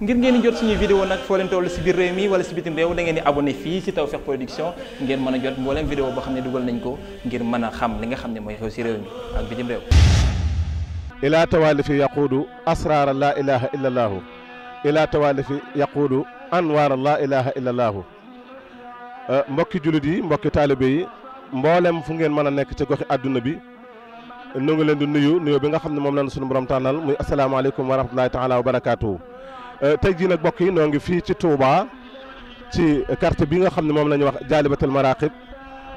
ngir ngeen di jot suñuy vidéo nag foo leen toll si biir réew mi wala si bitim réew da ngeen di abonné fii si Tawfekh Production ngeen mën a jot mbooleem vidéo boo xam ne dugal nañ ko ngir mën a xam li nga xam ne mooy xew si réew mi ak bitim réew ilaa tawalifi yaquudu asraara laa ilaha illa allaahu ilaa tawalifi yaquudu anwaara laa ilaha euh, mbokki jullit yi mbokki taalibe yi mboolem fu ngeen mën a nekk ci goxi àdduna bi nu ngi leen di nuyu nuyu bi nga xam ne moom lañ sunu borom tànnal muy asalaamaaleykum wa rahmatulahi taala Euh, tey jii nag bokk yi noo ngi fii ci Touba ci quartier bi nga xam ne moom la ñuy wax Jaalibatul Maraqib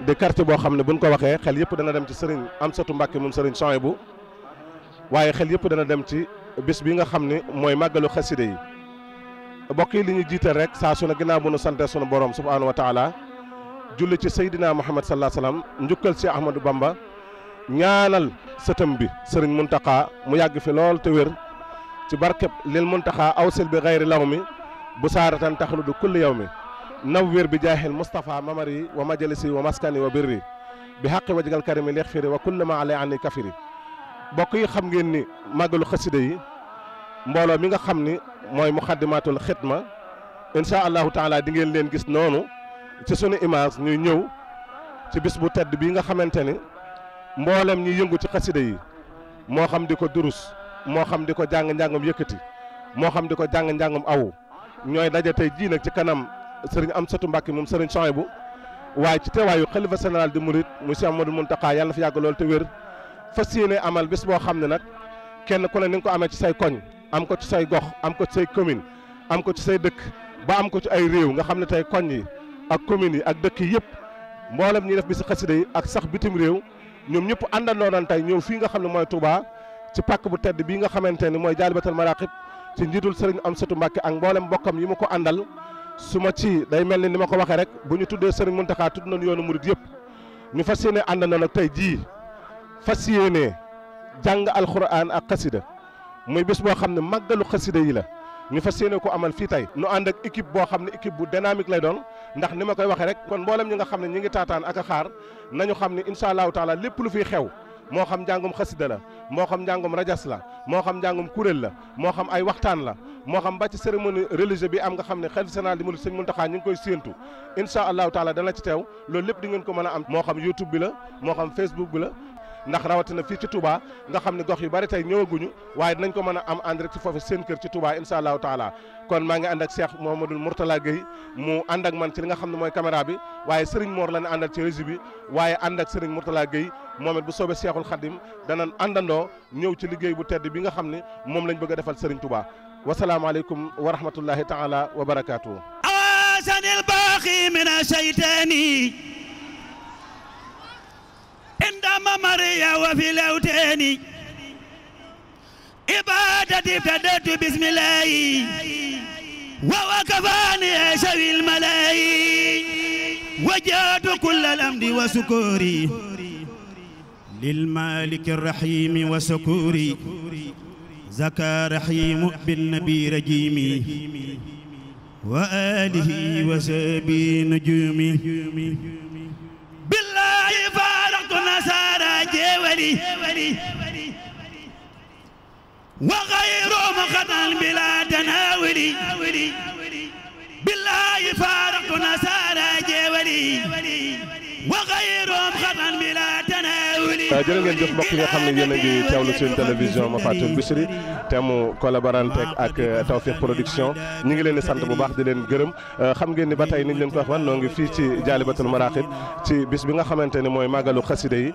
di quartier boo xam ne buñ ko waxee xel yëpp dana dem ci Serigne Amsatou Mbacké moom Serigne Souhaïbou waaye xel yëpp dana dem ci bis bi nga xam ne mooy màggalu xaside yi bokk yi li ñu jiital rek saa su ne ginnaaw bu nu sante sunu borom subhaanahu wa taala julli ci Seydina Muhammad salaa salaam njukkal si Ahmadou Bamba ñaanal sëtam bi sëriñ Serigne Mountakha mu yàgg fi lool te wér. ci barkeb lil muntaxaa awsil bi xayri law mi bu saaratan taxlu du kulli yow mi naw bi jaahil Moustapha mamari wa majalisi wa maskani wa birri bi xaqi wajgal karimi leex firi wa kulli ma alay ani kafiri bokk yi xam ngeen ni màggalu xasida yi mbooloo mi nga xam ni mooy muxaddimatul xidma incha allahu taala di ngeen leen gis noonu ci sunu image ñuy ñëw ci bis bu tedd bii nga xamante ni mboolem ñi yëngu ci xasida yi moo xam di ko durus moo xam di ko jàng njàngam yëkkati moo xam di ko jàng njàngam awu ñooy daje tey jii nag ci kanam sëriñ Amsatu Mbàkke moom sëriñ bu waaye ci teewaayu xalifa général di murit mu Cheikh Amadou Mountakha yàlla na fi yàgg loolu te wér fas yéene amal bés boo xam ne nag kenn ku ne ni ko amee ci say koñ am ko ci say gox am ko ci say commune am ko ci say dëkk ba am ko ci ay réew nga xam ne tey koñ yi ak commune yi ak dëkk yi yëpp mboolem ñuy def bi si xasida ak sax bitim réew ñoom ñëpp àndandoo nañ tey ñëw fii nga xam ne mooy Touba ci pàkk bu tedd bii nga xamante ni mooy jaalibatal maraqib ci njiitul sëriñ am sëtu mbàkke ak mboolem mbokkam yi mu ko àndal su ma ci day mel ni ni ma ko waxee rek bu ñu tuddee sëriñ Muntaxa tudd nañu yoonu murit yëpp ñu fas yéene ànd na nag tey jii fas yéene jàng alxuraan ak xasida muy bés boo xam ne màggalu xasida yi la ñu fas yéene ko amal fii tey nu ànd ak équipe boo xam ne équipe bu dynamique lay doon ndax ni ma koy waxee rek kon mboolem ñi nga xam ne ñi ngi taataan ak a xaar nañu xam ne incha allahu taala lépp lu fiy xew moo xam njàngum xasida la moo xam njàngum rajas la moo xam njàngum kuréel la moo xam ay waxtaan la moo xam ba ci cérémonie religieuse bi am nga xam ne xel sénal di mulu sëñ Muntaxa ñu ngi koy séentu incha allahu taala dana ci teew loolu lépp di ngeen ko mën a am moo xam youtube bi la moo xam facebook bi la ndax rawatina fii ci Touba nga xam ne gox yu bari tey ñëwaguñu waaye dinañ ko mën a am en direct foofu seen kër ci Touba incha allahu taala kon maa ngi ànd ak Cheikh Mouhamadoul Mourtala Gueye mu ànd ak man ci li nga xam ne mooy caméra bi waaye Serigne Mor la ñu àndal ci régie bi waaye ànd ak Serigne Mourtala Gueye moom it bu soobee Cheikhul Khadim danañ àndandoo ñëw ci liggéey bu tedd bi nga xam ne moom lañ bëgg a defal Serigne Touba wasalaamaaleykum wa rahmatullahi taala wa barakaatu. عندما مريا وفي الأوتان عبادتي ابتدأت بسم الله ووكفاني شوي الملاي وجاد كل الأمد وسكوري للمالك الرحيم وسكوري زكى رحيم بالنبي رجيمي وآله وسبي نجومي بالله فعلا xéewali wa xayru muqatal bila tanawuli billahi faaraqu nasara jeewali Euh, jërë ngeen jëf mbokk yi nga xam ne yéen a ngi teewlu seen télévision ma fatul Bichri te mu collaborante ak euh, Tawfekh Production ñu ngi leen di sant bu baax di leen gërëm euh, xam ngeen ni ba tey niñ leen ko wax wan noo ngi fii ci jaalibatul maraqib ci bis bi nga xamante ne mooy màggalu xasida yi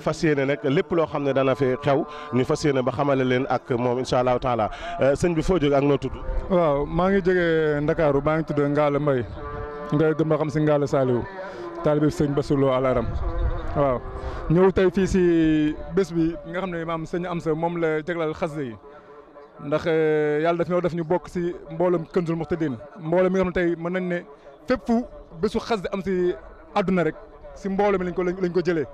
fas yéene nag lépp loo xam ne dana fi xew ñu fas yéene ba xamale leen ak moom incha allah taala sëñ bi foo jóge ak noo tudd waaw maa ngi jógee Ndakaaru maa ngi tudd Ngalla Mbaye nga gëm a xam si Ngalla Saliou taalibe sëñ Basuloo Alaram waaw ñëw tey fii si bés bi nga xam ne maam sëñ am sa moom la jaglal xasida yi ndax eh, yàlla daf ñoo def ñu bokk si mbooloom Kënzul Muxtadin mbooloo mi nga xam ne tey mën nañ ne fépp fu bésu am si àdduna rek si mbooloo lañ ko lañ ko jëlee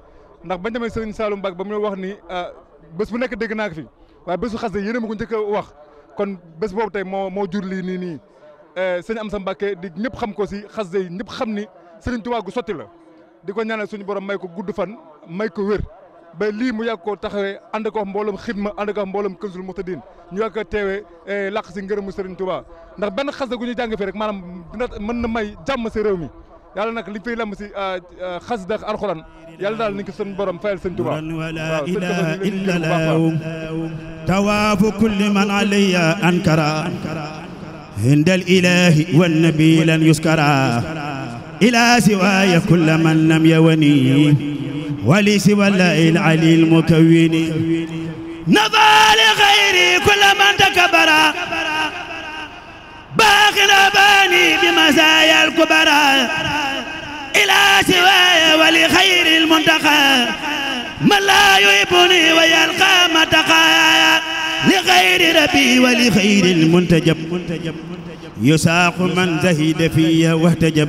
ndax bañ demee sëñ saalu Mbacke ba mu wax ni ah, bés bu nekk dégg naa ko fi waaye bésu xas yéen a ma ko njëkk a wax kon bés boobu tey moo moo jur lii nii nii eh, sëñ am sa Mbacke di ñëpp xam ko si xasida yi ñëpp xam ni Sëriñ Tuubaa gu sotti la di ko ñaanal suñu borom may ko gudd fan may ko wér ba lii mu yàgg koo taxawee ànd ko mbooloom xidma ànd ko mbooloom Kanzul Muhtadin ñu yàgg ko teewee eh, làq si ngërëmu Serigne Touba ndax benn xasida gu ñu jàng fi rek maanaam dina mën na may jàmm si réew mi yàlla nag li fiy lamb si ah, ah, xasida ak alxuraan yàlla daal ni ko suñu borom fayal Serigne Touba waaw sëñ tawaafu man alayya ankara indal ilaahi wan nabi lan yuskara إلى سواي كل من لم يوني ولي سوى الله العلي المكون نظى لغيري كل من تكبر باخر باني بمزايا الكبرى إلى سواي ولخير المنتقى من لا يحبني ويلقى متقى لغير ربي ولخير المنتجب يساق من زهد فيه واحتجب